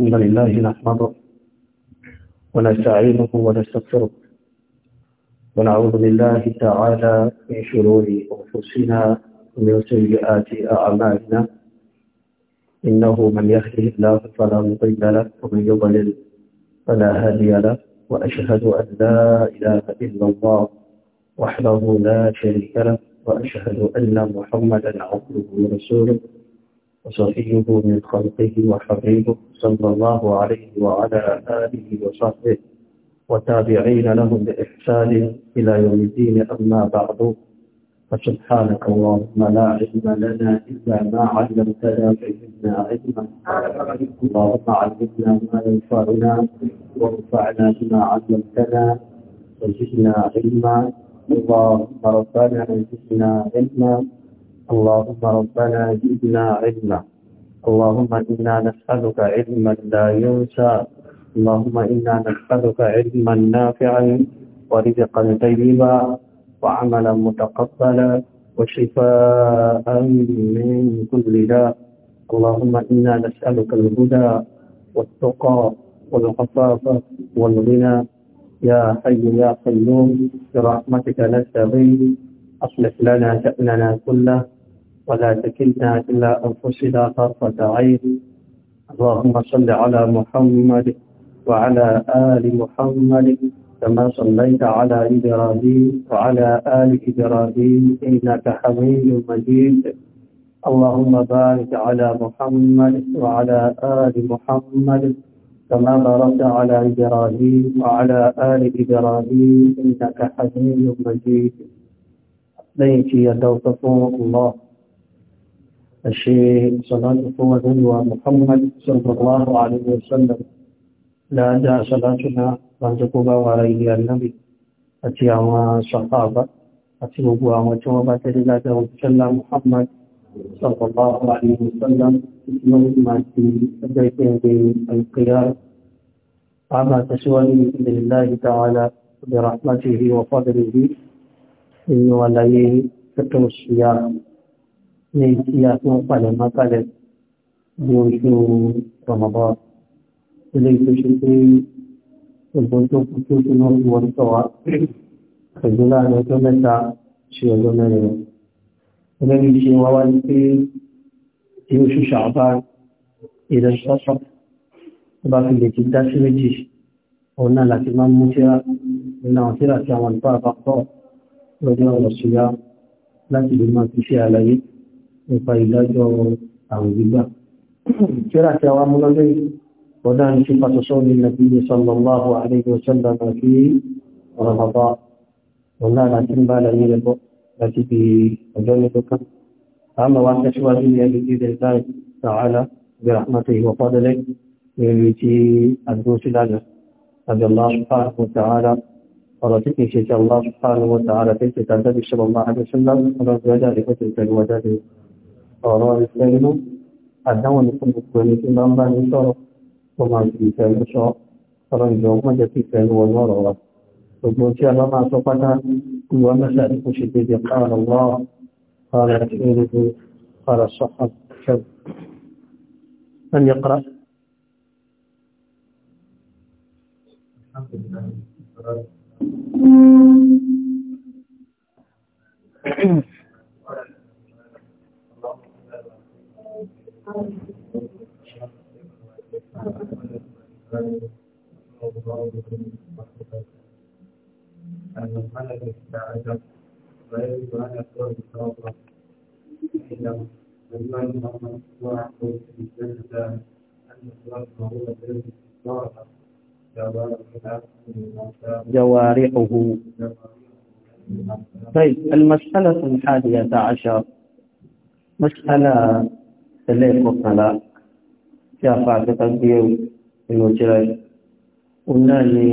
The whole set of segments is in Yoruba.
الحمد لله نحمده ونستعينه ونستغفره ونعوذ بالله تعالى من شرور أنفسنا ومن سيئات أعمالنا إنه من يهده الله فلا مضل له ومن يضلل فلا هادي له وأشهد أن لا إله إلا الله وحده لا شريك له وأشهد أن محمدا عبده ورسوله وصفيه من خلقه وحبيبه صلى الله عليه وعلى آله وصحبه وتابعين لهم بإحسان إلى يوم الدين أما بعد فسبحانك اللهم لا علم لنا إلا ما علمتنا فإنا علما اللهم علمنا ما ينفعنا وانفعنا بما علمتنا وزدنا علما اللهم ربنا زدنا علما اللهم ربنا زدنا علما اللهم إنا نسألك علما لا ينسى اللهم إنا نسألك علما نافعا ورزقا طيبا وعملا متقبلا وشفاء من كل داء اللهم إنا نسألك الهدى والتقى والعفاف والغنى يا حي يا قيوم برحمتك نستغيث أصلح لنا شأننا كله ولا تكلنا إلى أنفسنا طرفة عين اللهم صل على محمد وعلى آل محمد كما صليت على إبراهيم وعلى آل إبراهيم إنك حميد مجيد اللهم بارك على محمد وعلى آل محمد كما باركت على إبراهيم وعلى آل إبراهيم إنك حميد مجيد يا يتوقف الله الشيء صلاة قوة ومحمد صلى الله عليه وسلم لا دا صلاتنا رزقوا وعليه النبي أتي صحابة أتي أبوها وتوبة لله صلى محمد صلى الله عليه وسلم يوم ما في بيته بالقيام أما تسواني بإذن تعالى برحمته وفضله إنه عليه الصيام ní kí a tó ń máa kalẹ̀ bí oṣù Ramadan ilé tó ṣe pé ẹ̀gbọ́n tó kú tó tó náà wọ́n tọ̀ wá pẹ̀lú láàrin ọjọ́ mẹ́ta sí ọjọ́ mẹ́rin ẹlẹ́ni ṣe wá wá pé tí oṣù ṣàbá ìrẹ̀ sọ́sọ́ tó bá fi lè ti dá sí méjì òun náà láti máa mú tíra nínú àwọn tíra tí àwọn ìfọ́ àbápọ̀ lọ́jọ́ ọ̀rọ̀ sí láti lè máa fi ṣe àlàyé nípa ìdájọ́ àwẹ̀ gbígbà. Kíra tí a wá mú lọ́lé ọ̀dá ń ṣe pàtàkì ní nàbí sallallahu alaihi wa sallam fi Ramadan. Ọ̀nà àti ń bá lẹ́yìn rẹ̀ bọ́ láti fi ọjọ́ ní kankan. A máa wá tẹ̀síwájú ní ẹgbẹ́ ìdílé láì ta'ala bí rahmatu ìwọ̀ fọ́dọ̀lẹ́ lórí ti àdúró sí lánàá. Àbí Allah subhanahu wa ta'ala ọ̀rọ̀ tí kìí ṣe ti Allah subhanahu wa ta'ala tẹ́sí tàbí sallallahu alaihi wa sallam ọ̀rọ̀ ìwájáde kó tẹ̀sí ọ̀rọ̀ ìfẹ́ inú àdáwọn ní fún gbogbo ẹni tí máa ń bá ní sọ̀rọ̀ tó máa fi ìfẹ́ inú sọ ọ̀rọ̀ ìjọ ọgbọ́n jẹ́ kí ìfẹ́ inú wọnú ọ̀rọ̀ wa gbogbo tí a bá máa sọ pátá ìwọ mẹ́sà tí kò ṣe déédéé káàrọ̀ wá ọ̀rọ̀ àti èrèdè ọ̀rọ̀ sọ̀kan kẹ́b أن يقرأ الحمد لله الملك استعجب ويجب أن يكون صوابا عندما المال محمد وعد في الجنة أن هو الذي صار جوارحه طيب المسألة الحادية عشر مسألة ẹlẹ́ẹ̀kọkànlá tí a fa àfẹ́ta gbé ẹ̀rù inú jẹ́rẹ̀ ọ̀nà ni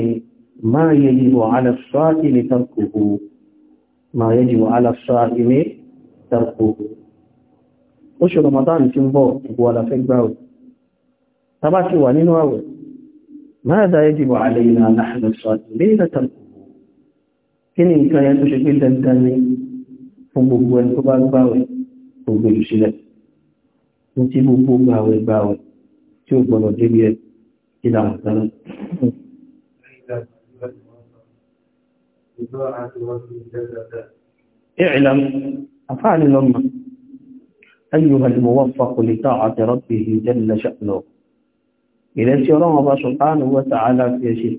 máa yẹ yíò alẹ́sọ́áì ní tàkùkù máa yẹ yíò alẹ́sọ́áì ní tàkùkù ó ṣe Ramadan tí ń bọ̀ gbogbo alafẹ́ gbáwẹ̀ tàbá ti wà nínú àwẹ̀ máa dá yẹ yíò alẹ́yìnà alẹ́sọ́áì ní tàkùkù kí tó tí gbogbo gbàwẹ̀ gbàwẹ̀ tí ó gbọ́nà débi ẹ̀ ìlà ọ̀tánà. اعلم أفعل لما أيها الموفق لطاعة ربه جل شأنه إذا سيرى الله سبحانه وتعالى في شيخ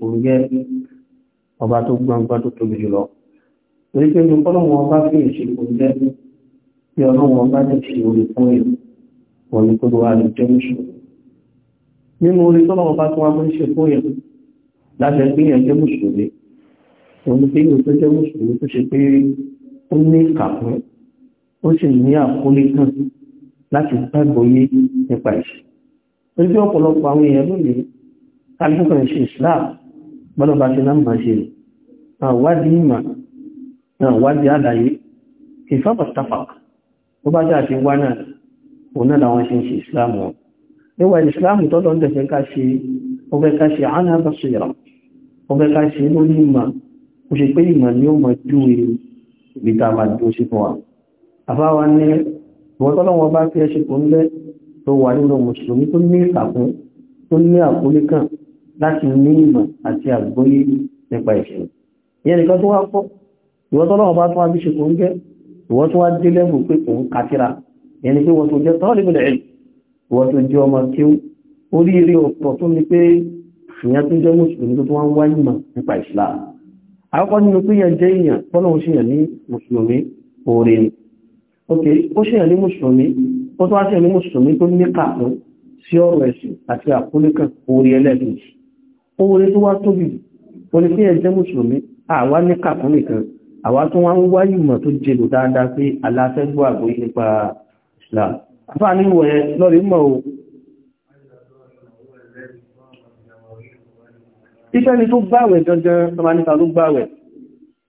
ọba tó gbangba tó tóbi jùlọ torí pé ìrùkọ́lọ́wọ́ ọba fi ìṣèkò jẹ́ bí ọlọ́wọ́ ọba lè ṣe orí fún ìlú wọ́n ni kó wá lè jẹ́ mùsùn nínú orí tọ́lọ́wọ́ bá tún wá mọ́ ṣe fún yẹn láti ẹgbẹ́ yẹn jẹ́ mùsùlùmí òun pé yóò tó jẹ́ mùsùlùmí tó ṣe pé ó ní kàkún ó sì ní àkólé kan láti gbàgbọ́yé nípa ìṣẹ́ ojú ọ̀pọ̀lọpọ̀ àwọn èèyàn lónìí kálífọ́kàn ṣe Islam gbọ́dọ̀ bá ṣe lámbà ṣe àwádìí ìmà àwádìí àdáyé kìfà pàtàkì ó bá jẹ́ àti wá náà òun náà làwọn ṣe ń ṣe ìsìláàmù wọn níwà ìsìláàmù tọ́lọ ń tẹ̀fẹ́ ká ṣe ọgbẹ́ ká ṣe ánàbà ọgbẹ́ ká ṣe lórí ìmọ̀ kò ṣe pé ìmọ̀ ni ó mọ̀ jú ìbìta máa dúró sí fún wa àfáwa ní ìwọ̀n tọ́lọ́wọ́ bá fi ẹṣẹ́ kò ń bẹ́ tó wà nínú mùsùlùmí tó ní ìkàkún tó ní àkólé kan láti ní ìmọ̀ àti àgbóyé nípa ìṣẹ̀lẹ̀ ìyẹn nìkan tó wá pọ̀ ìwọ̀n tọ́lọ́wọ́ bá tó wá bí ṣe kò ń bẹ́ ìwọ̀n tó wá dé lẹ́bù ẹni pé wọ́n tó jẹ́ tọ́lìbìlì ẹ̀ wọ́n tó jẹ́ ọmọ kí orí rí ọ̀pọ̀ tó ní pé ìyẹn tó jẹ́ mùsùlùmí tó wọ́n wá ìmọ̀ nípa Islam àkọ́kọ́ nínú pé yẹn jẹ́ èèyàn bọ́lá ó ṣèyàn ní mùsùlùmí oore ni ok ó ṣèyàn ní mùsùlùmí ó tó wá ṣèyàn ní mùsùlùmí tó ní kàánú sí ọ̀rọ̀ ẹ̀sìn àti àkólẹ́kàn oore ẹlẹ́ẹ̀kejì ń wá ìmọ̀ tó jẹ́ dáadáa pé aláfẹ́gbọ́ àgbóyé nípa Islam afá ní ìwọ̀ yẹn lọ́rí mọ̀ o iṣẹ́ ni tó gbáwẹ̀ dandan tọ́mà níta ló gbáwẹ̀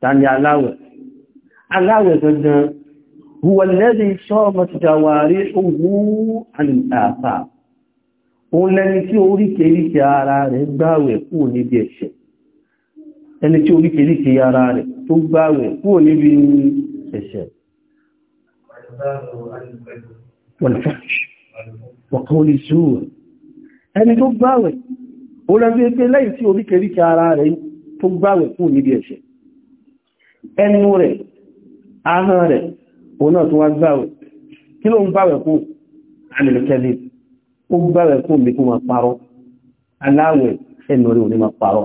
tàbí aláwẹ̀ aláwẹ̀ dandan huwalẹ́dì sọ́ọ̀mọ̀ ti jàwàrí owó àlìtàfà òun lẹni tí oríkèríkè ara rẹ̀ gbáwẹ̀ kúrò níbi ẹ̀ṣẹ̀ ẹni tí oríkèríkè ara rẹ̀ tó gbáwẹ̀ kúrò níbi ẹ̀ṣẹ̀ والفحش وقول سوء ẹni tó gbáwẹ̀ orí ẹgbẹ́ lẹ́yìn tí oríkèríkè ara rẹ̀ tó gbáwẹ̀ fún níbi ẹ̀ṣẹ̀ ẹnu rẹ̀ ahọ́n rẹ̀ òun náà tó wá gbáwẹ̀ kí ló ń gbáwẹ̀ fún alìlẹ̀kẹ́lẹ̀ ó gbáwẹ̀ fún mi kó máa parọ́ aláwẹ̀ ẹnu rẹ̀ ò ní máa parọ́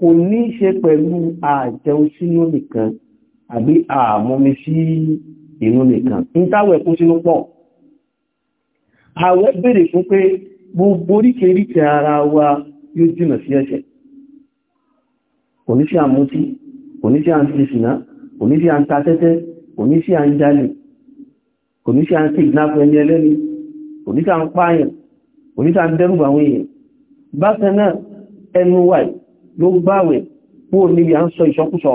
kò ní ṣe pẹ̀lú àjẹun sínú nìkan àbí àmọ́mi sí inú nìkan ní táwẹ̀ kún sínú pọ̀ àwẹ̀ bèèrè fún pé gbogbo oríkèríkè ara wa yóò jìnà sí ẹ̀ṣẹ̀ kò ní sí àmútí kò ní sí àǹtìsìná kò ní sí àǹtàtẹ́tẹ́ kò ní sí àǹjalè kò ní sí àǹtìgbìnáfẹ́ ẹni ẹlẹ́ni kò ní sí àǹpáyàn kò ló gbáwẹ̀ pò níbi à ń sọ ìṣọkúsọ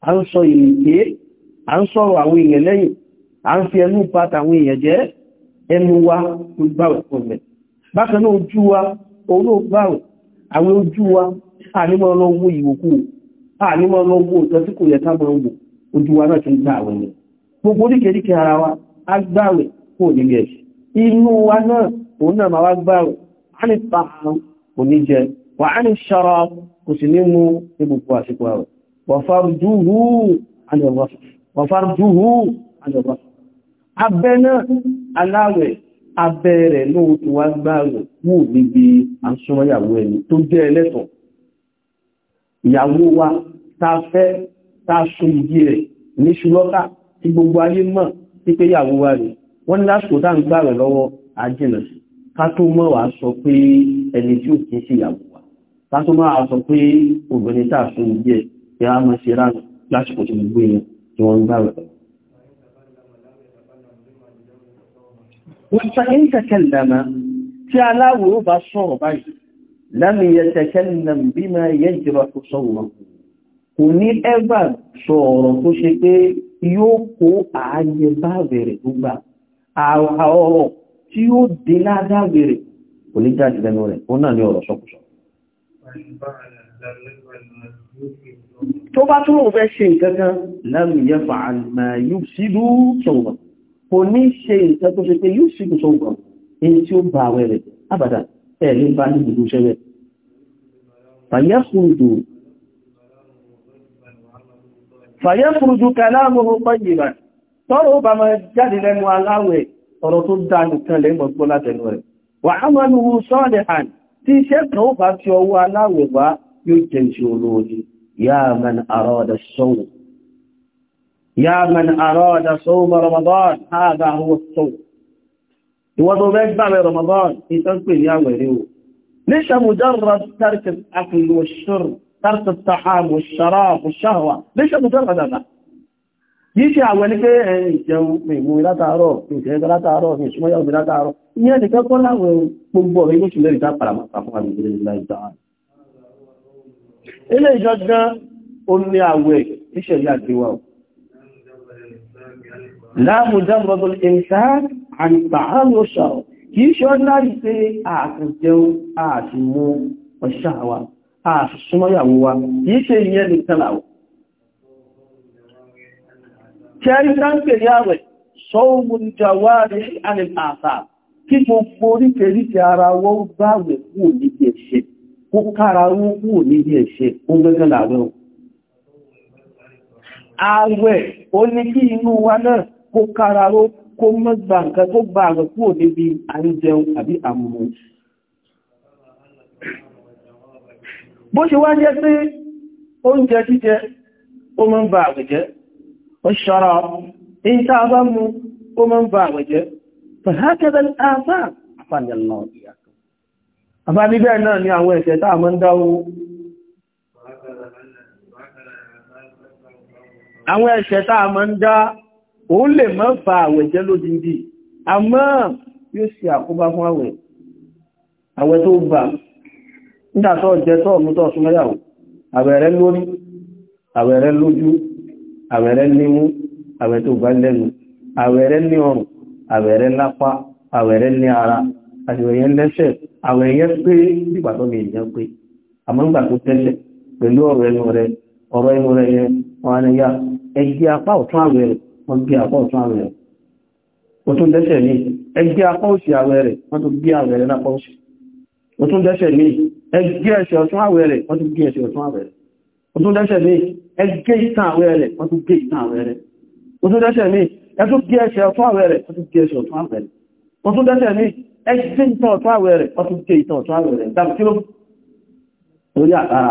à ń sọ ìrìnké à ń sọ̀rọ̀ àwọn èèyàn lẹ́yìn à ń fi ẹnu pa tàwọn èèyàn jẹ́ ẹnu wa ló gbáwẹ̀ pò bákan náà ojú wa òun ló àwọn ojú wa ànímọ̀ lọ wo ìwòkú ànímọ̀ gbogbo kò sì ní mú ní gbogbo àsìkò àwẹ̀ wàfàrùjúhù àjọ̀bá abẹ́ náà aláwẹ̀ abẹ́ rẹ̀ lóò tí wá gbá rẹ̀ níbi àṣúnmọ́yàwó ẹni tó jẹ́ ẹlẹ́tọ̀ ìyàwó wa ta fẹ́ ta ṣun ìdí rẹ̀ ní ṣùlọ́ta tí gbogbo ayé mọ̀ pípé ìyàwó wa rẹ̀ wọ́n ní tàbí máa sọ pé obìnrin tàà fún ìdíẹ̀ tí a máa ṣe ránà lásìkò tí gbogbo èèyàn tí wọ́n ń gbáwẹ̀ pẹ̀lú وإن تكلم تعالوا بشر بي لم يتكلم بما يجرح صوره kò ní ẹgbà sọ̀rọ̀ tó ṣe pé yóò kó ààyè bá bẹ̀rẹ̀ tó gbà àwọn tí ó dé ládá kò ní jáde lẹ́nu rẹ̀ ó náà ní ọ̀rọ̀ sọkúsọ tó bá tún mọ̀ fẹ́ ṣe nǹkankan lámì yẹfà àmà yóò sílú sọ̀rọ̀ kò ní ṣe nǹkan tó ṣe pé yóò sílú sọ̀rọ̀ èyí tí ó bá àwẹ̀ rẹ̀ àbàdà ẹ̀lẹ́ bá ní ìlú ṣẹ́rẹ̀ fàyẹ́fùrùdù kàlámùhù pẹ́yìnbà tọ́rọ rẹ̀ wà يا من أراد الصوم tí ṣe kan ó bá tí ọwọ́ aláwẹ̀bá yóò jẹ́ ṣe olóòdí yáàmàn àrọ́dà sọ́wọ́ ليش مجرد ترك الأكل والشرب ترك الطعام والشراب والشهوة ليش مجرد هذا yìí ṣe àwọn ẹni pé ẹni ìjẹun ìmú látàárọ̀ ìṣẹ́gbẹ́ látàárọ̀ ní ìṣúmọ́yà òbí látàárọ̀ ìyẹn nìkan kọ́ láwọn gbogbo ọ̀rẹ́ ilé ìṣúlẹ̀ ìdá paramọ́ta fún àwọn ìṣẹ́lẹ̀ ìlà ìdá ilé ìjọgán ó ní àwẹ̀ ìṣẹ̀lẹ̀ àgbéwà láàmù dámọ́bọ̀ ìṣàn àgbàhánú ṣàrọ̀ kìí kẹrí sáńpè ní àwẹ̀ sọ́ọ̀mùn jàwárí àṣà kí gbogbo oríkèríkè ara wọ́n gbáwẹ̀ wọ́n kúrò níbi ó o ní kí kó kára wọ́n kú mọ́gbà nǹkan tó ṣe wá jẹ́ pé oúnjẹ jíjẹ ó mọ́ ń ba àwẹ̀ jẹ́ والشراب إن تعظموا ومن فاوجه فهكذا الآثار عفاني الله إياكم عفاني بأننا نعوه شيطان من داو àwọn ẹ̀ṣẹ̀ táà máa ń dá òun lè má fa àwẹ̀ jẹ́ lódìndì àmọ́ yóò ṣe àkóbá fún àwẹ̀ àwẹ̀ tó gbà nígbàtọ́ àwẹ̀rẹ́ nímú àwẹ̀ tó bá lẹ́nu àwẹ̀rẹ́ ní ọrùn àwẹ̀rẹ́ lápá àwẹ̀rẹ́ ní ara àṣìwẹ̀yẹn lẹ́sẹ̀ àwẹ̀yẹ pé nígbà tó lè yẹn pé àmọ́ nígbà tó tẹ́lẹ̀ pẹ̀lú ọ̀rọ̀ ẹnu rẹ ọ̀rọ̀ ẹnu rẹ yẹn ni ya ẹgbẹ́ apá ọ̀tún àwẹ̀ rẹ̀ wọ́n gbé apá ọ̀tún àwẹ̀ rẹ̀ ó tún dẹ́sẹ̀ ní ẹgbẹ́ apá òsì àwẹ̀ rẹ̀ wọ́n tún gbé àwẹ̀ rẹ̀ lápá òsì ó tún dẹ́sẹ̀ ní ẹgbẹ́ ẹsẹ̀ ọ̀tún àwẹ̀ rẹ̀ wọ́n tún gbé ẹsẹ̀ ọ̀tún àwẹ̀ rẹ̀ ọdún lẹ́ṣẹ̀ ní ẹgbẹ́ ìtàn àwẹ́ rẹ̀ wọ́n tún gé ìtàn àwẹ́ rẹ̀ ọdún lẹ́ṣẹ̀ ní ẹtún gé ẹṣẹ̀ ọ̀tún àwẹ́ rẹ̀ wọ́n tún gé ẹṣẹ̀ ọ̀tún àwẹ́ rẹ̀ ọdún lẹ́ṣẹ̀ ní ẹgbẹ́ ìtàn ọ̀tún àwẹ́ rẹ̀ wọ́n tún gé ìtàn ọ̀tún àwẹ́ rẹ̀ dàbí kí ló orí àtàrà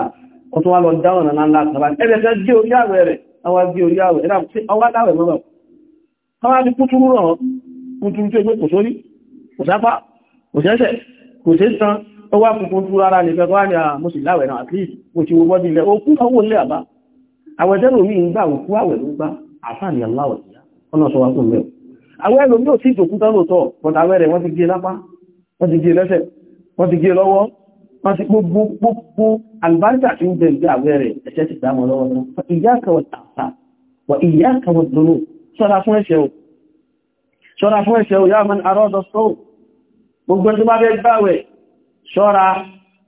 ọtún wá lọ dáwọn náà ńlá àtàrà ẹgbẹ́ ẹgbẹ́ gé orí àwẹ́ rẹ̀ àwọn gé orí àwẹ́ rẹ̀ dàbí ọwá dáwẹ̀ mọ́bà àwọn ni kútúrú rọ̀ kútúrú tó gbé kò sórí kò sápá kò sẹ́sẹ̀ kò ó wá kùnkùn tú rárá nìkan kọ́ ní àwọn ah, mọ́sí láwẹ̀ náà àti òṣì wo bọ́dí ilẹ̀ okú owó ilẹ̀ àbá àwọn ẹ̀tẹ́rù mi ń gbà òkú àwẹ̀ ló gbá àfáàní aláwọ̀ ìyá ọ̀nà sọ wá fún mẹ́ àwọn ẹ̀rọ mi ò tí ìjòkú tán lóòtọ́ bọ̀tà àwẹ̀ rẹ̀ wọ́n ti gé lápá wọ́n ti gé lẹ́sẹ̀ wọ́n ti gé lọ́wọ́ wọ́n ti gbogbo gbogbo àlùbáríkà tí ń bẹ ìgbé àwẹ̀ rẹ̀ ẹ̀ṣẹ̀ ti gbà wọn lọ́wọ́ náà ìyá kẹwọ́ tàfà wọ ìyá kẹwọ́ dúró ṣọ́ra fún ẹ̀ṣẹ̀ o ṣọ́ra fún ẹ̀ṣẹ̀ o yá man arọ́dọ̀ sọ́ọ̀ gbogbo ẹni tó bá fẹ́ gbàwẹ̀ ṣọ́ra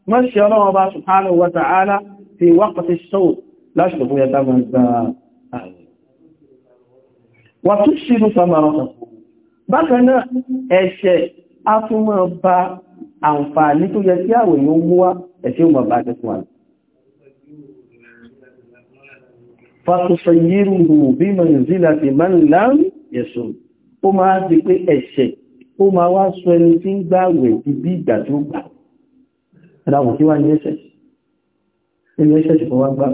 mọ́ṣẹ́ ọlọ́wọ́ bá subhanahu wa ta'ala fi waqti sọ́ọ̀ lásìkò fún yẹta gbangba wà tó ṣírú samarọ́ta bákan náà ẹ̀ṣẹ̀ a tún mọ́ bá àǹfààní tó yẹ sí àwẹ̀ yóò mú wá ẹ̀ṣẹ̀ mọ̀ bá ti máa ń láàrín ẹ̀sùn ó máa di pé ẹ̀ṣẹ̀ ó máa wá sọ ẹni tí ń gbàwẹ̀ ti bí ìgbà tó gbàwẹ̀ ẹ̀dàwò kí wá ní ẹ̀ṣẹ̀ ilé ẹ̀ṣẹ̀ tí wá gbá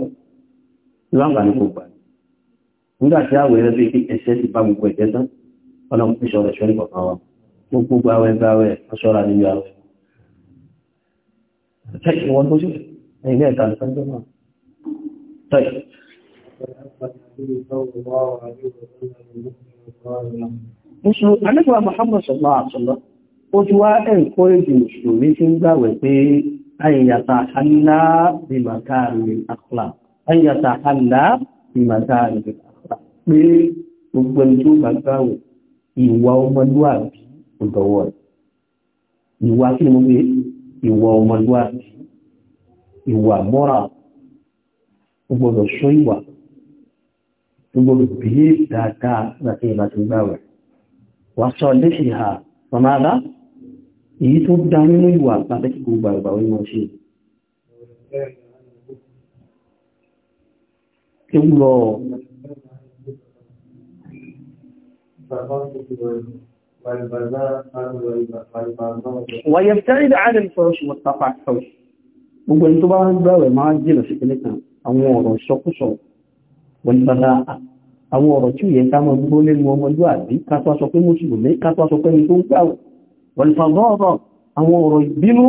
ìwáǹgbà ní kò gbà àwọ̀ ẹ̀rẹ́ bí ẹ̀ṣẹ̀ ti bá gbogbo ẹ̀jẹ̀ tán ọ̀nà ìṣọ̀ rẹ̀ kọ̀ọ̀kan wa gbogbo gbáwẹ̀ gbáwẹ̀ ọṣọ́ra níbi àwẹ̀ Mùsùlùmí, Alẹ́gbà Muhammad Sallallahu Alaihi ó ti wá encourage Mùsùlùmí tí ń gbàwẹ̀ pé أن يتحلى بمكارم الأخلاق أن يتحلى بمكارم الأخلاق pé gbogbo ẹni tó bá gbáwò ìwà ọmọlúwàbí ọ̀dọ̀wọ̀ ìwà kí ni mo gbé ìwà ọmọlúwàbí ìwà mọ́ra ó gbọ́dọ̀ ṣọ́ ìwà ó gbọ́dọ̀ dáadáa láti ìbá gbáwò wà sọ léṣe ha màmá èyí tó dá nínú ìwà pàtàkì gbogbo àgbà orí wọn ṣe kí ń lọ wàyẹ̀fẹ́rìdà àdìrí fọ́rọ̀ṣù wọ́tàpá àkọ́ṣù gbogbo ẹni tó bá ń bẹ̀rẹ̀ máa jìnà sí kìnnì kan àwọn ọ̀rọ̀ ṣọkúsọ wọ́nbàdà àwọn ọ̀rọ̀ tí ó yẹ ká mọ́ gbogbo lẹ́nu ọmọlúwàbí ká tó aṣọ pé mùsùlùmí ká tó aṣọ pé ní tó ń gbàwọ̀ wọ̀lùfàgọ́ọ̀rọ̀ àwọn ọ̀rọ̀ ìbínú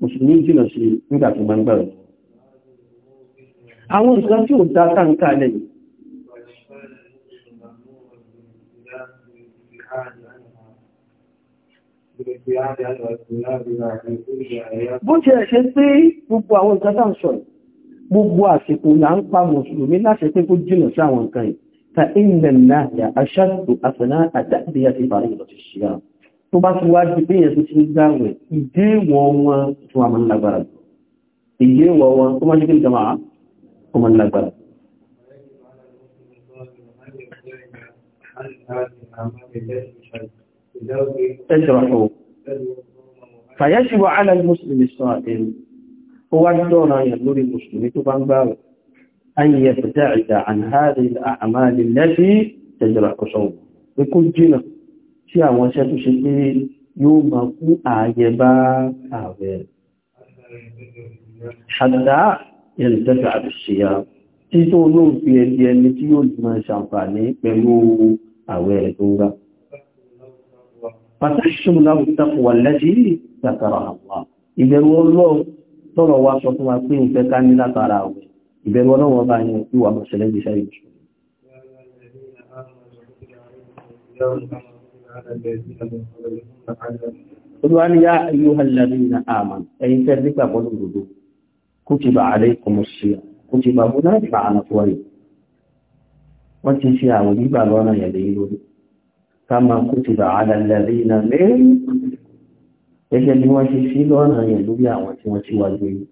mùsùlùmí jìnà sí nígbà tó gbangba rẹ̀ àwọn nǹkan tí ó dá táǹkà lẹ́yìn bó ti ẹ̀ṣẹ́ pé gbogbo àwọn nǹkan tá ń sọ gbogbo àsìkò là ń pa mùsùlùmí láṣẹ pé kó jìnà sí àwọn nǹkan yìí ta ìnlẹ̀ náà yà aṣáàtò àfẹ́ná àtàbíyà ti bàrí ìlọ̀ tó bá ti wá sí pé èyàn tó ti ń gbàwẹ̀ ìdé ìwọ̀ wọn tó wà máa ń lágbára ìdé ìwọ̀ wọn tó máa ń ṣe kí n jama ó máa ń lágbára fàyẹ́ṣìwọ̀ alẹ́ mùsùlùmí sọ àdéhùn ó wá dọ́ra yẹn lórí mùsùlùmí tó bá ń gbàwẹ̀ أن يبتعد عن هذه الأعمال التي تجرح صومه بكل جنة tí àwọn iṣẹ́ tó ṣe pé yóò ma kú ààyẹ bá ààrẹ ṣàdá ìrìntẹ́fẹ́ àbìṣíyà tí tó lóò fi ẹbí ẹni tí yóò jùmọ̀ ṣàǹfààní pẹ̀lú ààrẹ tó rá pàtàkìṣùn láwùtàkù wà lẹ́dí látara àwọn ìbẹ̀rù ọlọ́run tọ́rọ wa ń fẹ́ ká ní látara olùwàníyá ayú hàlàrí na àmà ẹ̀yin tẹ́ nígbà bọ́lù gbogbo kútìbà àrẹ kọmọṣí kútìbà bó náà ìgbà ànàfọ́rì wọ́n ti ṣe àwọn gbígbà lọ́nà yẹ̀lẹ́ lórí kama kútìbà àlàlẹ́rí na lẹ́yìn gẹ́gẹ́ bí wọ́n ṣe sí lọ́nà yẹn lórí àwọn tí wọ́n ti wà lórí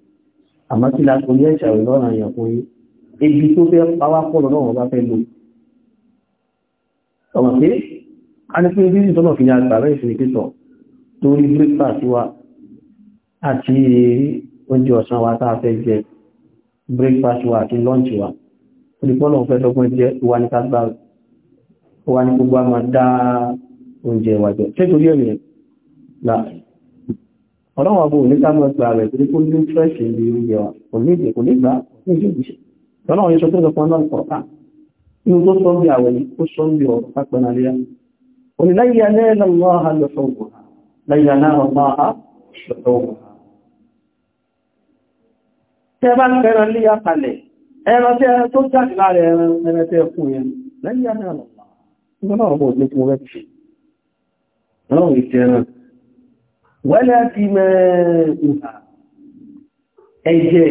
àmọ́ kí la torí ẹ̀ṣà rẹ̀ lọ́nà yẹn fún yí ebi tó fẹ́ pawápọ̀ lọ́wọ́ bá fẹ́ lò ọmọ pé a ní pé bí ìtọ́nà fi ya àgbàrá ìsinmi pẹ́tọ̀ torí breakfast wa àti oúnjẹ ọ̀sán wa tá a fẹ́ jẹ breakfast wa àti lunch wa olùpọ́nà fẹ́ dọ́gbọ́n jẹ́ ìwà ní kágbà wà ní gbogbo àmà dá oúnjẹ wa jẹ ṣé torí ẹ̀rẹ̀ là ọlọ́wọ́ bó ní kágbà gbà rẹ̀ torí kó ní fresh ní oúnjẹ wa kò ní ìdè kò ní gbà kò ní ìdè ìṣẹ́ ọlọ́wọ́ yẹn sọ pé ọ̀pọ̀ náà kọ̀ọ̀kan inú tó sọ àwẹ̀ ó sọ bí ọ̀rọ̀ pápẹ́ náà ولن ينال الله لحومها لن ينال الله لحومها tẹ́bá ń fẹ́ràn lé àpàlẹ̀ ẹran tẹ́ tó jáde láàrẹ ẹran tẹ́ fún yẹn lẹ́yìn àmì àlọ́pàá ìgbọ́nà ọmọ òdí tí mo rẹ̀ fi ọlọ́run ìtẹ́ràn wẹ́lẹ́ ti mẹ́ ìhà ẹ̀jẹ̀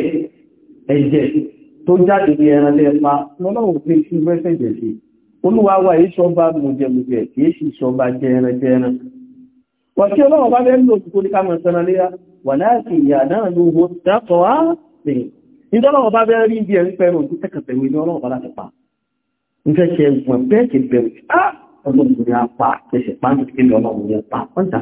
ẹ̀jẹ̀ tó jáde ní ẹran tẹ́ pa pé sí mẹ́sẹ̀jẹ̀ sí olúwa wa yìí ṣọba mùjẹmùjẹ kìí sì ṣọba jẹranjẹran wàtí ọlọ́wọ́ bá bẹ́ẹ̀ lò kúkú ní káàmù ìsanà léra wà láti ìyà náà ló wo dákọ̀ á pè nítọ́lọ́wọ́ bá bẹ́ẹ̀ rí ibi ẹ̀rí pẹ̀rù ojú tẹ́kẹ̀tẹ̀wé ní ọlọ́wọ́ bá láti pa nífẹ́ ṣe ẹ̀gbọ̀n bẹ́ẹ̀ kì í bẹ̀rù á ọlọ́run ní apá ẹsẹ̀ pàǹtì kí lọ́nà òun yẹn pa wọ́n dà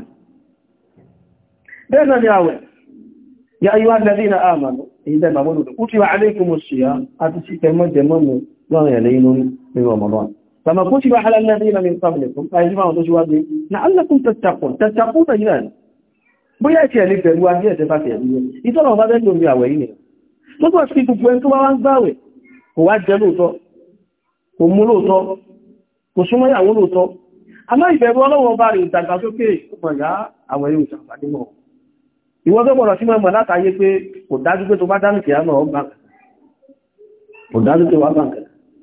bẹ́ẹ̀ náà kama kutiba ala alladhina min qablikum ayiba wọn tó ṣíwájú la'allakum tattaqun tattaqun ta yìí bóyá ìṣẹ́ ilé pẹ̀lú ajé ẹ̀tẹ́ bá fẹ̀yà nílé ìtọ́nà ọba bẹ́ẹ̀ lórí àwẹ̀ yìí nìyà tó bọ̀ sí gbogbo ẹni tó bá wọ́n gbáwẹ̀ kò wá jẹ lóòótọ́ kò mú lóòótọ́ kò súnmọ́ ìyàwó lóòótọ́ àmọ́ ìbẹ̀rù ọlọ́wọ́ bá rí ìdàgbàsókè ìpọ̀yà àwẹ̀ yóò ṣàǹfààní náà ìwọ́n tó gbọ́dọ̀ sí mọ́ látàyé pé kò dájú pé tó bá dánù kìá náà ó gbà kò dájú pé wá gbà kẹ̀kẹ́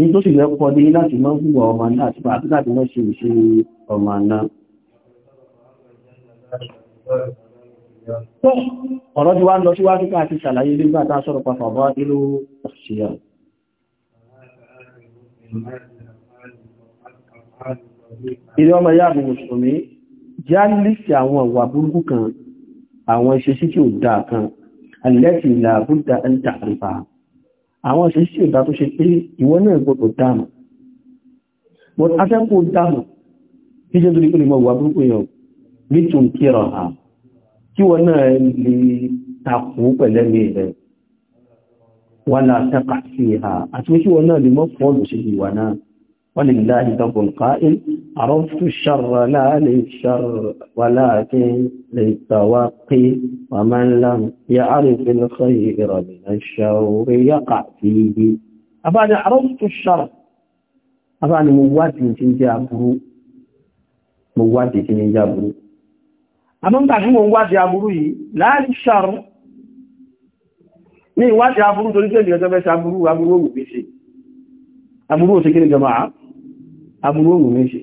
ní tó sì lẹ́pọ̀ ní láti mọ́ fúnwà ọmọ náà àti bá àtúgbà tí wọ́n ṣe ìṣe ọmọ náà tó ọ̀rọ̀ tí wá ń lọ síwájú ká àti ṣàlàyé nígbà tá sọ̀rọ̀ papọ̀ bá irú òṣìṣẹ́ ilé ọmọ ìyá àbúrò mùsùlùmí já lísì àwọn ìwà burúkú kan àwọn ìṣesí tí ò dáa kan alẹ́sì ìlà àbúdà ń tàrífà àwọn ṣe sí ìdá tó ṣe pé ìwọ náà gbọdọ̀ dànù but afẹ́kù dànù tí jẹ́ tó ní pínlẹ̀ ìwà burúkú yàn ní tún kíra ha kí wọ́n náà lè takò pẹ̀lẹ́mì rẹ̀ wà látẹ́kà sí ha àti wọ́n náà lè mọ́ fọ́ọ̀lù sí ìwà náà ولله دب القائل عرفت الشر لا للشر ولكن للتوقي ومن لم يعرف الخير من الشر يقع فيه أبانا عرفت الشر أبانا مواد تنجابه مواد تنجابه أمام تعشم مواد يابروي لا للشر ni wáṣe aburú torí pé ìjọba ẹ̀ṣẹ̀ aburú aburú òwò pèsè aburú òṣèkiri jọmọ́ àá aburú òun ní ṣe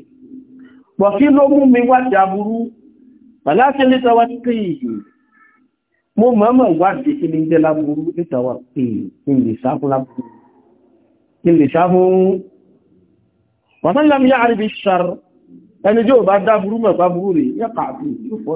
pọ̀ kí ló mú mi wá sí aburú pàláṣẹ nítawà tí ìhì mo mọ́mọ̀ wá sí kí ní jẹ́ láburú nítawà tí kí lè sáfún láburú kí lè sáfún wàtánlámi yá àríbi ṣar ẹni jẹ́ ò bá dá burú mọ̀ pàburú rẹ̀ yẹ́ pàtí yóò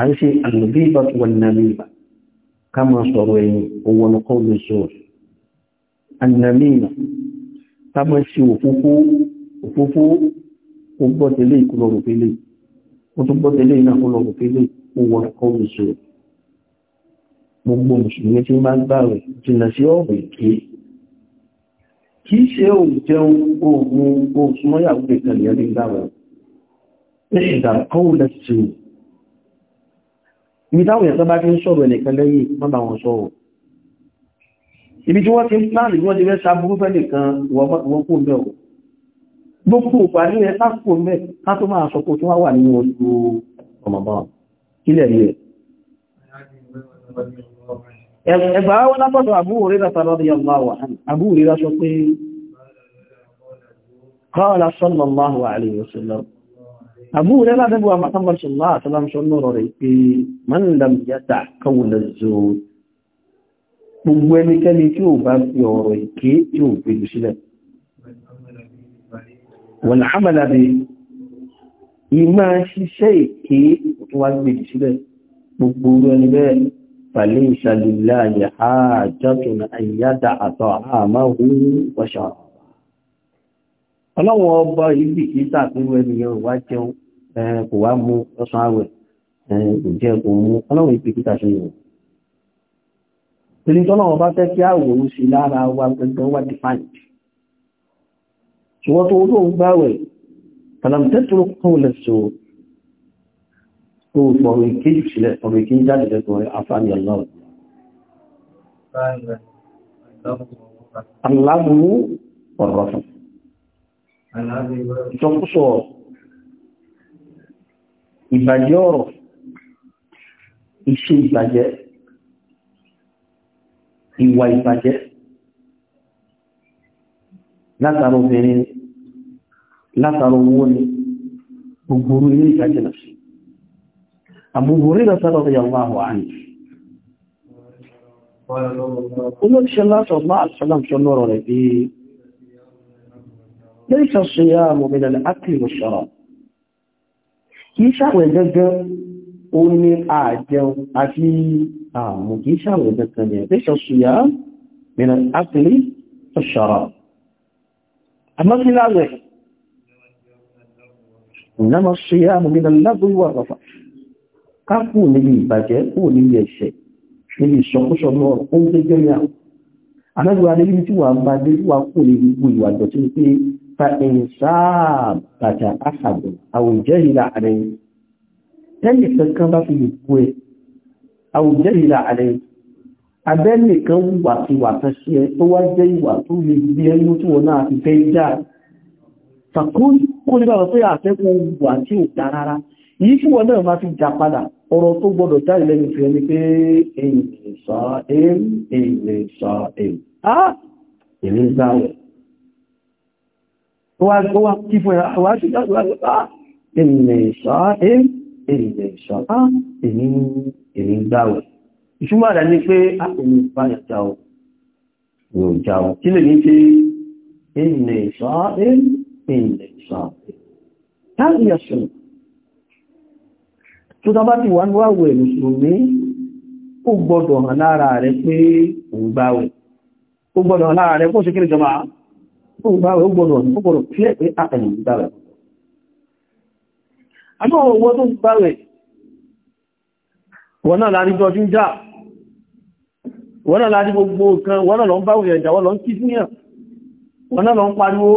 à ń ṣe àlùbíbà wọn nàmíbà ká máa sọ̀rọ̀ ẹ̀yìn owó ọkọ̀ lè sọ̀rọ̀ ànàmíbà ká máa ṣe òfófó òfófó ó gbọ́ tẹ́lẹ̀ ìkúlọ̀rọ̀ pélé ó tún gbọ́ tẹ́lẹ̀ iná kúlọ̀rọ̀ pélé owó ọkọ̀ lè sọ̀rọ̀ gbogbo mùsùlùmí tí máa ń gbà rẹ̀ jìnà sí ọ̀rọ̀ ìké kìí ṣe òun jẹun oògùn ìkàlẹ̀ ẹ̀rí gbà rẹ̀ ibi táwọn ẹ̀sọ́ bá fi ń sọ̀rọ̀ ẹ̀nìkan lẹ́yìn wọ́n bá wọn sọ̀rọ̀ ibi tí wọ́n ti ń pláàlì wọ́n ti rẹ́ sàbúrú fẹ́ nìkan wọ́n kó mẹ́ ọ̀ gbogbo ìpàdé rẹ̀ sáàkó mẹ́ ká tó máa sọ pé tí wọ́n wà nínú الله عليه وسلم أبو هريرة نبوة ما تنبرش الله سلام شو النور ريكي من لم يدع قول الزور gbogbo ẹnikẹ́ni tí ó bá fi ọ̀rọ̀ ìké tí ó gbèlú sílẹ̀. wọ̀n àmàlàbí ìmá ṣiṣẹ́ ìké tó wá Eh, kò wá mú ọsàn àwẹ̀ eh, kò jẹ́ kò mú ọlọ́run ìpè kíkà ṣe yìí pẹ̀lú tọ́lọ́wọ́ bá fẹ́ kí àwòrú sí lára wa gbẹ̀gbẹ̀ wá defined ṣùgbọ́n tó tó ń gbáwẹ̀ tàlàmtẹ́tùrú kún lè so tó fọ̀rọ̀ ìkéjì sílẹ̀ ọ̀rọ̀ ìkéjì jáde lẹ́gbọ̀n rẹ̀ àfáàmì aláwọ̀ aláwọ̀ ìbàjẹ́ ọ̀rọ̀ ìṣe ìbàjẹ́ ìwà ìbàjẹ́ látara obìnrin látara owó ni gbogbo ilé ìbàjẹ́ náà sí àbúgbòrí lọ́sọ́rọ̀ yàwó àwọn àníṣì olóṣèlú àṣọ́gbà àṣọ́gbà kìí ṣàwẹ̀ gẹ́gẹ́ ó ní àjẹun àti àmù kìí ṣàwẹ̀ gẹ́gẹ́ ní ẹ̀fẹ́ ṣọ̀ṣùyá mìíràn ápìlì ṣọ̀ṣọ̀rọ̀ àmọ́síláwẹ̀ ìnáma ṣùyá mìíràn lábúwà rọ̀fà káàkù níbi ìbàjẹ́ kú níbi ẹ̀ṣẹ̀ níbi ìṣọkúṣọ lọ́rọ̀ ó ń gẹ́gẹ́ ní فإن صابت أحد أو جهل عليه تلك الكبر في الكويت أو جهل عليه abẹ́nìkan wà tí wà tán ṣe ẹ tó wá jẹ́ ìwà tó lè gbé ẹnu tí wọ́n náà fi fẹ́ já kó nígbà wọ́n pé àtẹ́kùn wà tí ò dá rárá yìí wá kí fún àwọn aṣíjáde wá lọ́pá ènìyàn ìṣọ́ ènìyàn ìṣọ́ èmi gbáwẹ̀ ìṣúmọ̀ rẹ̀ ní pé àpẹẹmì ìpáyà jáwọ̀ yóò jáwọ̀ kí lè ní pé ènìyàn ìṣọ́ ènìyàn ìṣọ́ táàrí ẹ̀ṣùn tó tán bá ti wà níwáwẹ̀ mùsùlùmí ó gbọ́dọ̀ hàn lára rẹ̀ pé òun gbáwẹ̀ ó gbọ́dọ̀ hàn lára rẹ̀ kó ó ah, àmọ́ ọwọ́ tó ń bá rẹ̀ wọ́n náà láti jọ tún wọ́n náà láti gbogbo nǹkan wọ́n náà lọ ń bá rẹ̀ ẹ̀dà wọ́n lọ ń kí síyàn wọ́n náà lọ ń pariwo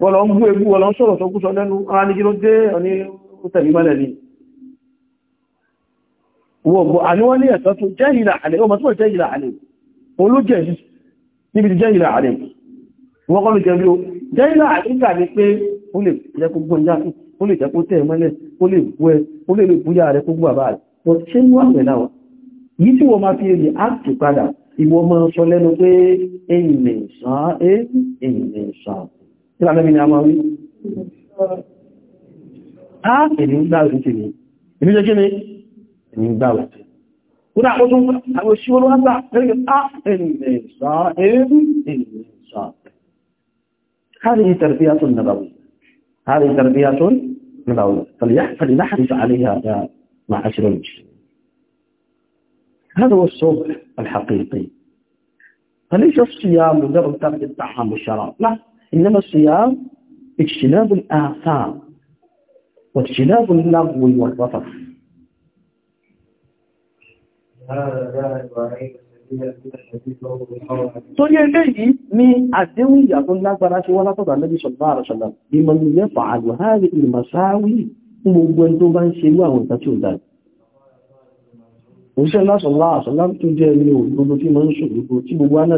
wọ́n lọ ń bú egbú wọ́n lọ ń sọ̀rọ̀ sọkúsọ lẹ́nu ara ní wọ́n kọ́ ló jẹ́ bí ó jẹ́ ilá àríkà ní pé ó lè jẹ́ kó gbọ́n jáde ó lè jẹ́ kó tẹ̀ mọ́lẹ̀ ó lè bú ẹ ó lè lè búyà rẹ kó gbọ́ àbá rẹ̀ ó ṣe ń wàwẹ̀ náà yìí tí wọ́n máa fi èrè áàtì padà ìwọ máa sọ lẹ́nu pé ènìyàn هذه تربية نبوية هذه تربية نبوية فلنحرص عليها يا معاشر المسلمين هذا هو الصبح الحقيقي فليس الصيام مجرد ترك الطعام والشراب لا إنما الصيام اجتناب الآثام واجتناب اللغو والرفث هذا torí ẹgbẹ́ yìí ni àdéhùn ìyàtọ̀ lágbára ṣe wá látọ̀dà lẹ́bí sọ̀tọ̀ àrọ̀ṣọ̀lá ìmọ̀ ní mẹ́fà àlùhárí ìmọ̀sáwí fún gbogbo ẹni tó bá ń ṣe irú àwọn ìta tí ó dáa òṣìṣẹ́ lásọ̀lá àṣọ̀lá tó jẹ́ ilé òdodo tí mọ́ ń ṣòdodo tí gbogbo aná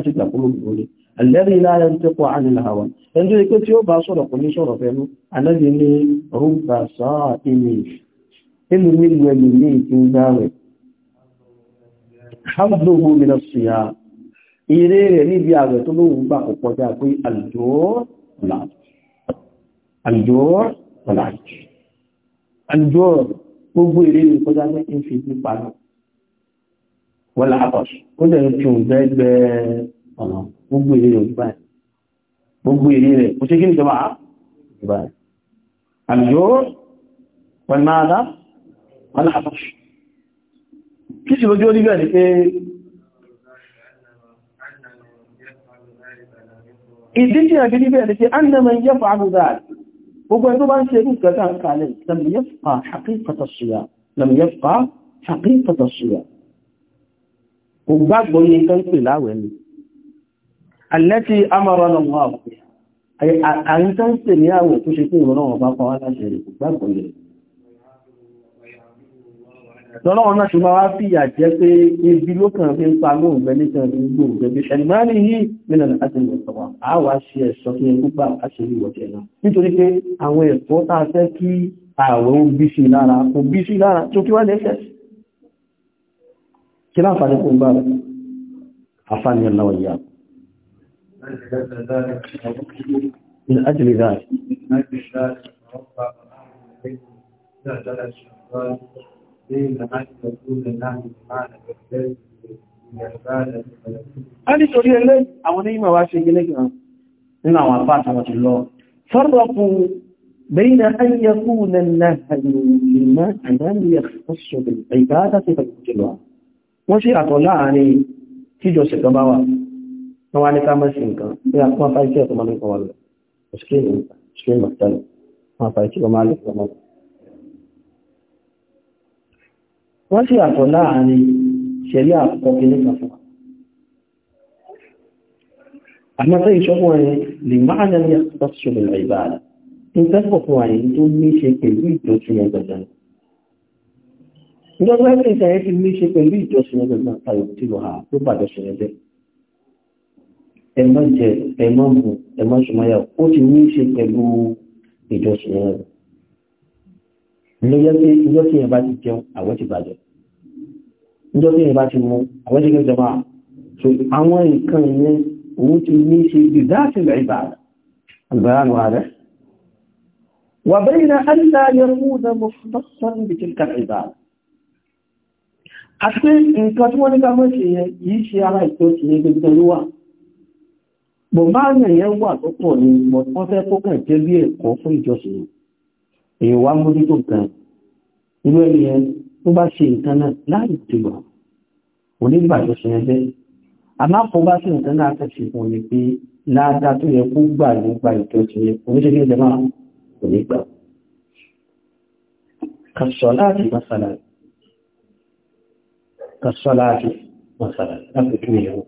ti ṣàbùdógún mi náà sí ya eré rẹ̀ níbi ààrẹ tó lóhun gbà kò pọ̀já pé àlùjọ́ gbogbo eré ní kọjá pé ń fi ní paná wọ́n láàbọ̀ṣ ó dẹ̀ ń fi òǹgbẹ́ gbẹ ọ̀nà gbogbo eré rẹ̀ máa dá wọ́n láàbọ̀ṣ kí sì lójú orí bẹ̀rẹ̀ pé ìdí tí àbí ní bẹ̀rẹ̀ pé annama yẹ fa àbúdá gbogbo ẹgbẹ́ bá ń ṣe rúkẹ́ tán kalẹ̀ lam yẹ fa haqiqatas siyam lam yẹ fa haqiqatas siyam kò gbàgbọ́ ní kan pè láwẹ̀ ni allati ń pè lọ́lọ́wọ́n náà ṣe máa fi àjẹ́ pé ibi lókàn fi ń pa lóòrùn bẹ nìkan fi ń gbòòrùn bẹ̀bẹ̀ ṣẹlìmáàlì yìí nínú àti ìwọ̀sọ̀wà a wá ṣe ẹ̀ṣọ́ kí ẹkú bá aṣèlú ìwọ̀jẹ̀ náà nítorí pé àwọn ẹ̀fọ́ tá a fẹ́ kí ààwẹ̀ ó bí sí lára kò bí sí lára tó kí wá lẹ́sẹ̀ kí láǹfààní kò ń bá rẹ̀ ذلك A ní torí ẹlẹ́ àwọn onímọ̀ wá ṣe gẹ́lẹ́ gan nínú àwọn àpáàtà wọ́n ti lọ. Fọ́rọ̀kù bẹ́yìn ayẹ́kú lẹ́lẹ́ ìmọ̀ àdáníyà ṣọ́ṣọ́bẹ̀ ìbáadá ti pẹ̀lú jùlọ. Wọ́n sí àtọ̀ láàrin tíjọ ṣẹ̀gbọ́n wà wọ́n wá ní wọ́n sì àtọ̀ láàrin ṣẹ̀rí àkọ́kẹ́ nípa fún àmọ́sẹ́ ìṣọ́kùn ẹni lè máa nà ní àtọ́sọ̀rọ̀ ìbára ní tẹ́sọ̀ fún àyè tó ní ṣe pẹ̀lú ìjọsìn ẹgbẹ̀gbẹ̀ ìjọba ẹgbẹ̀ ìṣẹ̀yẹ́ ti ní ṣe pẹ̀lú ìjọsìn ẹgbẹ̀gbẹ̀ àtàrí tí lọ ha ló bàjọ́ ṣẹlẹ̀ bẹ́ ẹmọ́ níjọ́ tí níjọ́ tí yẹn bá ti jẹun àwẹ̀ ti bàjẹ́ níjọ́ tí yẹn bá ti mu àwẹ̀ ti gbẹ̀jọba so àwọn nǹkan yẹn òun ti ní ṣe bí dáàtì rẹ̀ ìbàdà àgbàránù ààrẹ wà bẹ́yìn náà alá yẹn mú ọdọ mọ fún bìtìkà ìbàdà àti pé nǹkan tí wọ́n ní ká ṣe yẹn yìí ṣe ara ìtọ́ èèyàn wá mójútó kan? irú ẹni yẹn tó bá ṣe nǹkan náà láì tìgbà onígbà tó ṣe ẹgbẹ́ àmáfọ́ bá ṣe nǹkan náà tẹ̀sí fún ni pé láàdá tó yẹ kó gbà nípa ìtọ́jú yẹn oníṣẹ́ kí ẹjẹ́ máa kò ní gbà kàṣọ́láàtì masàlá kàṣọ́láàtì masàlá lápẹ̀tún ìyàwó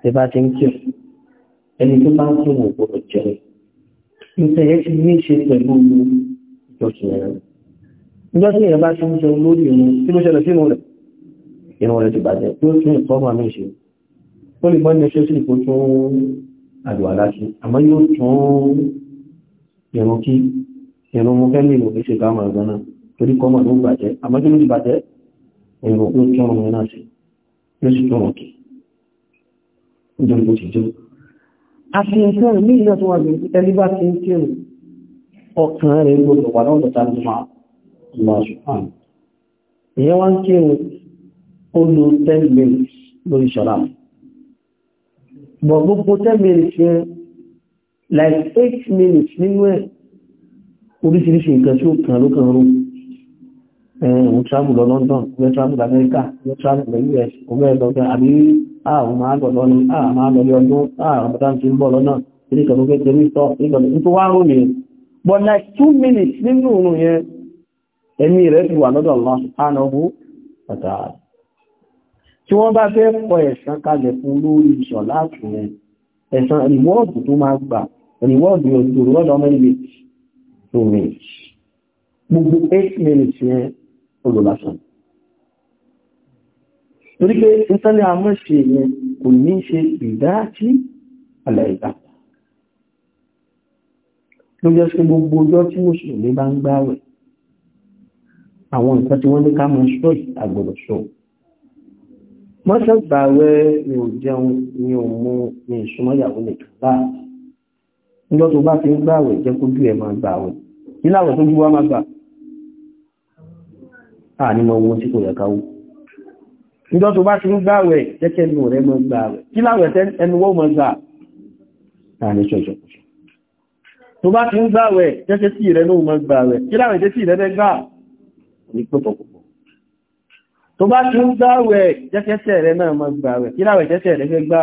tí bá ti ń kí ẹni tó bá ń kí wọn gbọdọ̀ jẹun nítorí ẹ ti ní ṣe pẹ̀lú ló ti yẹn rẹ̀. níjọ́ tí èèyàn bá ti ń jẹun lórí ìrun tí ló ṣẹlẹ̀ sínú rẹ̀ ìrun rẹ̀ ti bàjẹ́ tó tún ìfọ́mà mí ṣe ó lè gbọ́n lẹ́ṣẹ́ sí ìkó tún àdùà láti àmọ́ yóò tún ìrun kí ìrun mú fẹ́lẹ̀ ìrun ìṣe ká máa gan náà torí kọ́mọ̀ ló bàjẹ́ àmọ́ kí ló ti bàjẹ́ ìrun ó tún ìrun náà ọkàn rẹ̀ gbogbo wà lọ́dọ̀ tá lọ́mà lọ́ṣùpán ìyẹn wá ń kí o lò 10 minutes lórí ṣọ́lá bọ̀ gbogbo 10 minutes yẹn like 8 minutes nínú ẹ̀ oríṣiríṣi nǹkan tí ó kàn ló kàn rú ẹ̀hùn travel lọ London wẹ́ travel America wẹ́ travel lọ US ọgbẹ́ ẹ̀lọ́gbẹ́ àbí àwọn máa lọ lọ́nà àwọn máa lọ lọ́dún àwọn ọmọdá ti ń bọ̀ lọ́nà nígbàlógé tẹ́mítọ́ nígbàlógé but like two minutes nínú òun yẹn ẹ̀mí rẹ̀ ti wà lọ́dọ̀ Allah subhanahu wa ta'ala tí wọ́n bá fẹ́ kọ ẹ̀san kalẹ̀ fún lórí ìṣọ̀ láti rẹ̀ ẹ̀san rìwọ́ọ̀dù tó máa gbà rìwọ́ọ̀dù òṣòrọ́dọ̀ ọmọ ilé tó minutes gbogbo 8 minutes yẹn olùlásán torí pé ìtàlẹ̀ àmọ́ ṣe yẹn kò ní ṣe ìdá sí àlẹ́ ìdáà ló jẹ́ sí gbogbo ọjọ́ tí mùsùlùmí bá ń gbáwẹ̀ àwọn nǹkan tí wọ́n ní ká máa sọ àgbọ̀dọ̀ sọ mọ́sàgbàwẹ́ mi ò jẹun mi ò mú mi ìsúnmọ́yàwó nìkan bá níjọ́ tó bá fi ń gbàwẹ̀ jẹ́ kójú ẹ̀ máa gbàwẹ̀ níláwọ̀ tó jú wá máa gbà à ní mọ̀ owó tí kò yẹ káwó níjọ́ tó bá ti ń gbàwẹ̀ jẹ́kẹ́ ẹnu rẹ̀ máa gbàwẹ̀ níláwẹ̀ ẹnu wọ́n máa gbà à ní ṣọ̀ṣọ̀kùṣọ̀ tó bá ti ń gbàwẹ̀ jẹ́ṣẹ́ sí rẹ̀ ló mọ́ gbàwẹ̀ kí láwọn ìdẹ́sí rẹ̀ rẹ̀ gbà ní pọ̀pọ̀pọ̀ tó bá ti ń gbàwẹ̀ jẹ́ṣẹ́ rẹ̀ náà mọ́ gbàwẹ̀ kí láwọn ìdẹ́sẹ̀ rẹ̀ rẹ̀ gbà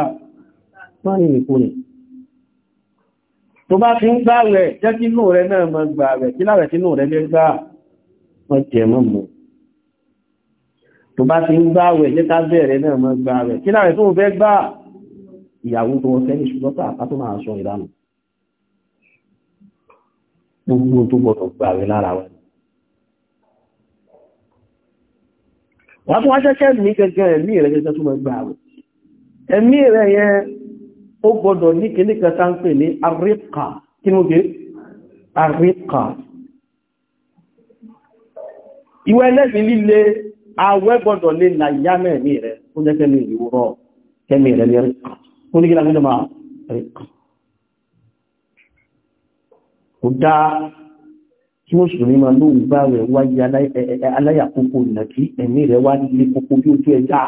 wọ́n ní nìkú rẹ̀ tó bá ti ń gbàwẹ̀ jẹ́ kí inú rẹ̀ náà mọ́ gbàwẹ̀ kí láwọn ìdẹ́sẹ̀ rẹ̀ rẹ̀ gbà mọ́ gbogbo tó gbọdọ̀ gbà rẹ lára wọn. wọ́n tún wá ṣẹ́ṣẹ́ ní gẹ́gẹ́ ẹ̀mí rẹ̀ gẹ́gẹ́ tó mọ̀ gbà rẹ̀ ẹ̀mí rẹ̀ yẹn ó gbọdọ̀ ní kìíní kẹta ń pè ní àríkà kí ló dé àríkà ìwẹ́ ẹlẹ́sìn líle àwẹ́ gbọdọ̀ lè là ìyá mẹ́rin rẹ̀ ó jẹ́ kẹ́mi ìwúrọ̀ kẹ́mi rẹ̀ ní àríkà ó ní kí lágbẹ́dọ̀ máa àríkà kò dáa tí ó sùn ní ma ló ń bá rẹ̀ wáyé aláyàkókò ìnàkí ẹ̀mí rẹ̀ wá nílé kókó bí ojú ẹja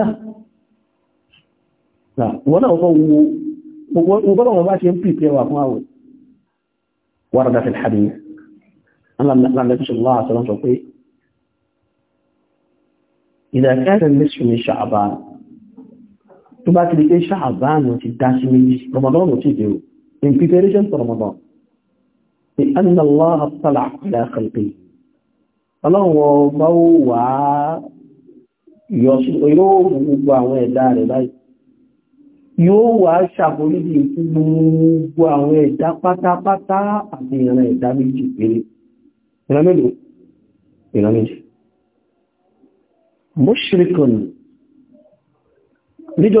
ah. ah, wọ́n náà wọ́n wo gbọ́dọ̀ wọn bá ṣe ń pìpẹ́ wà fún àwẹ̀ wàrà dáfẹ́ hadith aláàlẹ́kùn sọ lọ́wọ́ àtọ́lọ́ sọ pé ìdàkẹ́rẹ̀ lẹ́sùn ní ṣàbá tó bá ti in preparation for Ramadan. Say, أَنَّ اللَّهَ اطَّلَعَ عَلَى خَلْقِهِ Ọlọ́run ọba ó wà á yọ̀ṣùpọ̀ yóò wù gbogbo àwọn ẹ̀dá rẹ̀ báyìí. Yóò wà á ṣàforíjì fún gbogbo àwọn ẹ̀dá pátápátá àti ìran ẹ̀dá méjì péré. Ìran mélòó? Ìran méjì. Mushrikun níjọ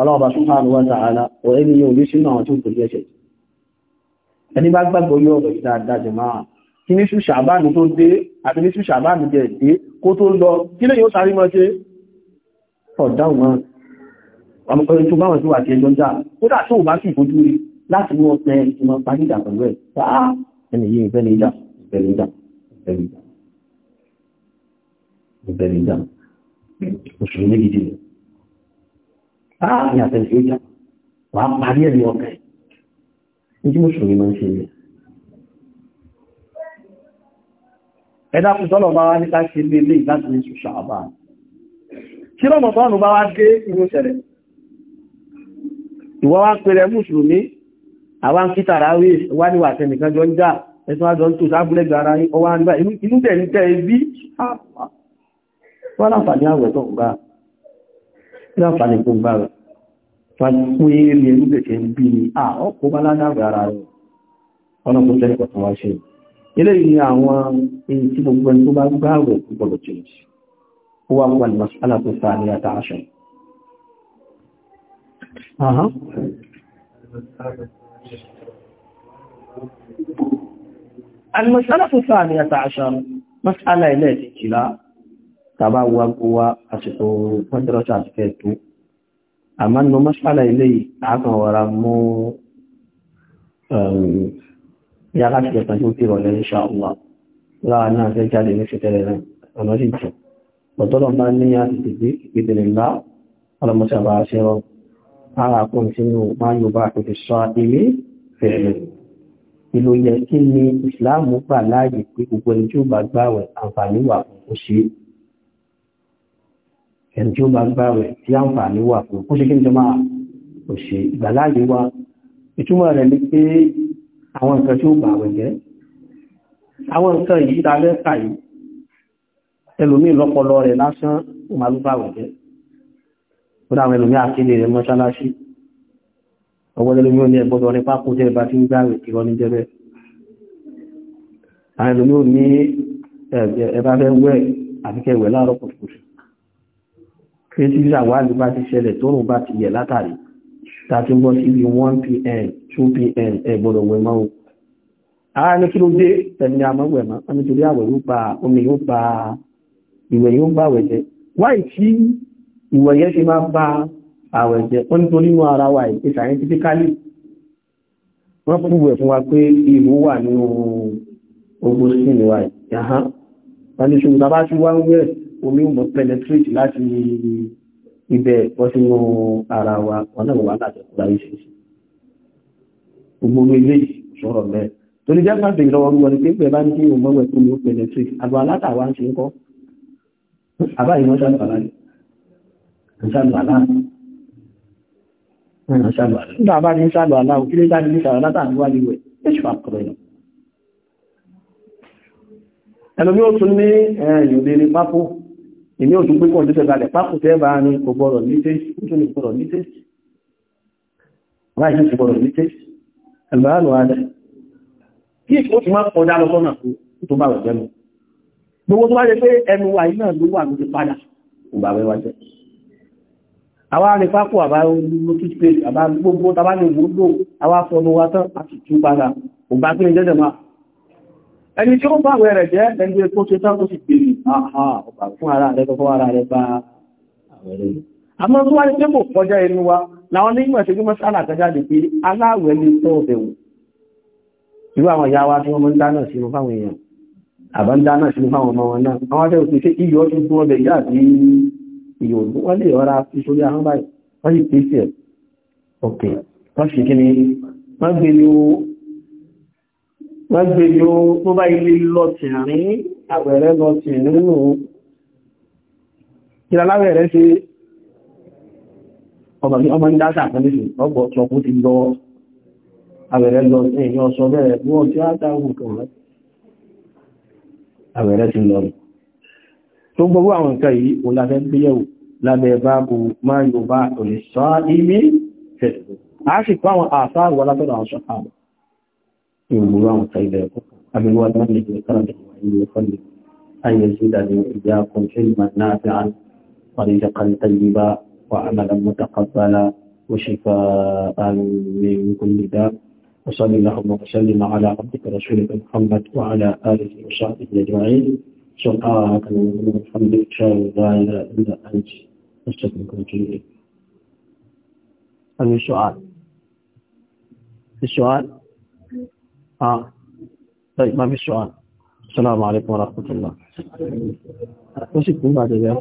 ọlọ́ọ̀bá subhanahu wa ta'ala ọ̀ ẹni yóò ní sínú àwọn tó kò lẹ́ṣẹ̀ ẹni bá gbàgbọ́ yóò rọ̀ ìdá máa kí ní ṣùṣà àbáàmì tó dé àti ní ṣùṣà àbáàmì jẹ dé kó tó lọ kí lè yóò sáré mọ́ ṣe ọ̀dáhùn Ìbẹ̀rẹ̀ ìjà, láàrin àtẹ̀lẹ̀ ìjà wà parí ẹ̀rí ọkẹ̀ ní tí mùsùlùmí máa ń ṣe rẹ̀ ẹ̀dá fún sọ́lọ̀ bá wá ní ká ṣe lélé láti ní ṣù ṣàbá tí rọmọbọ́nù bá wá dé inú ṣẹlẹ̀ ìwọ wá pẹ̀rẹ̀ mùsùlùmí àwọn kítàrà wá níwà tẹnìkan jọ ń já ẹ̀sùn àjọ ń tó sábúlẹ̀gbẹ̀ ara ọwá nígbà inú tẹ̀ ń tẹ́ ẹbí wọ́n láǹfààní àwẹ̀ tó láǹfààní kó bá rẹ̀ fún eré ẹrú gẹ̀ẹ́gẹ́ bí i à ọkọ̀ bá ládàbà ara rẹ̀ ọ̀nà kò tẹ́lẹ̀ kọ̀tọ̀ wá ṣe eléyìí ni àwọn èyí tí gbogbo ẹni tó bá gbá rẹ̀ gbọ́dọ̀ change ó wá wà ní masala tó المسألة الثانية عشر مسألة إليه تجلال tàbá wa gbó wa àsìkò pẹ́tẹ́rọ́sà àti kẹ́ẹ̀tó àmọ́ nínú mọ́ṣálà ilé àákan wọ́ra mú ya láti kẹta tí ó fi rọ̀lẹ́ ní ṣàlùwà láà náà fẹ́ jáde ní fìtẹ́rẹ̀ náà ọ̀nà sì jù ọ̀tọ́lọ̀ bá ní a ti tètè ìpìtẹ̀lẹ̀ ńlá ọlọ́mọṣà bá a ṣẹ́rọ ara kún sínú máa yóò bá àpètè sọ ilé fẹ̀rẹ̀ ìlò kí ni ìsìláàmù gbà láàyè pé gbogbo ẹni tí ó bá gbàwẹ̀ àǹfààní wà ṣe é ẹni tí ó bá gbá rẹ̀ tí àǹfààní wà fún kó ṣe kí n jọ máa kò ṣe ìgbàláàyè wa ìtumọ̀ rẹ̀ ni pé àwọn nǹkan tí ó bà wẹ̀ jẹ́ àwọn nǹkan yìí ta lẹ́ka yìí ẹlòmíì lọ́pọlọ rẹ̀ lásán ó máa ló bà wẹ̀ jẹ́ ó dáwọn ẹlòmíì àkéde rẹ̀ mọ́ṣáláṣí ọwọ́ ẹlòmíì ò ní ẹgbọ́dọ̀ ní pákó tẹ́ bá ti ń gbá rẹ̀ ìrọ́ ní jẹ́bẹ́ àwọn ẹlòmíì ò ní ẹ̀bá fẹ́ wẹ̀ pé tí ṣàwálì bá ti ṣẹlẹ̀ tóòrùn bá ti yẹ̀ látàrí tàbí bọ́ sí ibi 1pm 2pm ẹgbọ́dọ̀ wẹ̀mọ́ o a ní kí ló dé ẹni àmọ́wẹ̀mọ́ nítorí àwẹ̀ yóò pa omi yóò pa ìwẹ̀ yóò bá àwẹ̀ jẹ́ wáyé tí ìwẹ̀ yẹn ṣe máa bá àwẹ̀ jẹ́ ó nítorí inú ara wa ìpè scientifically wọ́n kú wẹ̀ fún wa pé ìwò wà nínú ogun skin wa yìí omi ń bọ̀ penetrate láti ibẹ̀ bọ́ sínú ara wa ọ̀nà wà láti ọ̀pọ̀ láyé ṣe gbogbo ilé ìṣọ́rọ̀ mẹ́ torí jẹ́ pàtàkì ìrọwọ́ wọn ni pé pẹ̀ bá ní kí òun mọ́wẹ̀ tó ní ó penetrate àgbà látàwà ń ṣe ń kọ́ àbá ìmọ̀ ṣàlùwàlá ṣàlùwàlá ṣàlùwàlá nígbà bá ní ṣàlùwàlá òkílé jáde ní ṣàlùwàlá tàbí wà níwẹ̀ èṣù àkọrọ̀ yìí ẹlòmí ó tún ní ẹ̀yìn òbí ní pápó ìní òtún pé kọ́ ìdíṣẹ́ balẹ̀ pápùtẹ́ bá ní kò gbọ́rọ̀ ní tẹ́sì tó ní gbọ́rọ̀ ní tẹ́sì láìsí gbọ́rọ̀ ní tẹ́sì ẹ̀lbàánù adẹ́ kí èkó ti máa kọjá lọ sọ́nà tó bá rẹ̀ jẹ́nu gbogbo tó bá jẹ́ pé ẹnu wà iná ló wà ló ti padà ìgbàwẹ́ wa jẹ́ àwa ní pápù àbá ló tún pé àbá gbogbo tàbá ní gbogbo àwa fọnu wa tán àti tún padà ògbà pé jẹ́jẹ̀ máa ẹni tí ó bá wẹ̀ rẹ̀ jẹ́ ẹni tó ṣe tán tó sì gbèrè àhà ọ̀pá fún ara rẹ̀ tó fọ́wọ́ ara rẹ̀ bá àwẹ̀rẹ̀ àmọ́ tó wá ní pé kò kọjá inú wa láwọn ní ìmọ̀ ìṣẹ́gbọ́n sára kọjá lè pé aláwẹ̀ lè tọ́ ọ̀bẹ̀wò irú àwọn ìyá wa tí wọ́n mọ́ ń dáná sínú fáwọn èèyàn àbá ń dáná sínú fáwọn ọmọ wọn náà àwọn afẹ́ òfin ṣe iyọ̀ tó gún ọbẹ̀ ìyá àti iyọ̀ ògùn wọ́n lè ọ̀rá ìṣòrí àwọn báyìí wọ́n sì pèsè ẹ̀ ọ̀kẹ́ wọ́n sì kí ni wọ́n gbé ni ó tó bá ilé lọ́tìrín àwẹ̀rẹ́ lọ sí nínú ìrànláwẹ̀rẹ́ sí ọmọ ní dáta àpẹẹlẹ́sì ọgbọ̀ ọ̀tọ̀kú ti lọ àwẹ̀rẹ́ lọ sí èyàn sọ bẹ̀rẹ̀ wọ́n tí á dáhùn kan rẹ̀ àwẹ̀rẹ́ ti lọ tó gbogbo àwọn nǹkan yìí من أن يزيدني إياكم علما نافعا طريقا طيبا وعملا متقبلا وشفاء من كل داء وصلي اللهم وسلم على عبدك رسولك محمد وعلى آله وصحبه أجمعين سبحانك اللهم وبحمدك أشهد أن لا إله إلا أنت أستغفرك وأتوب إليك. السؤال سؤال. آه طيب ما في سؤال. 是了嘛？里报了合同了，我是平板这边。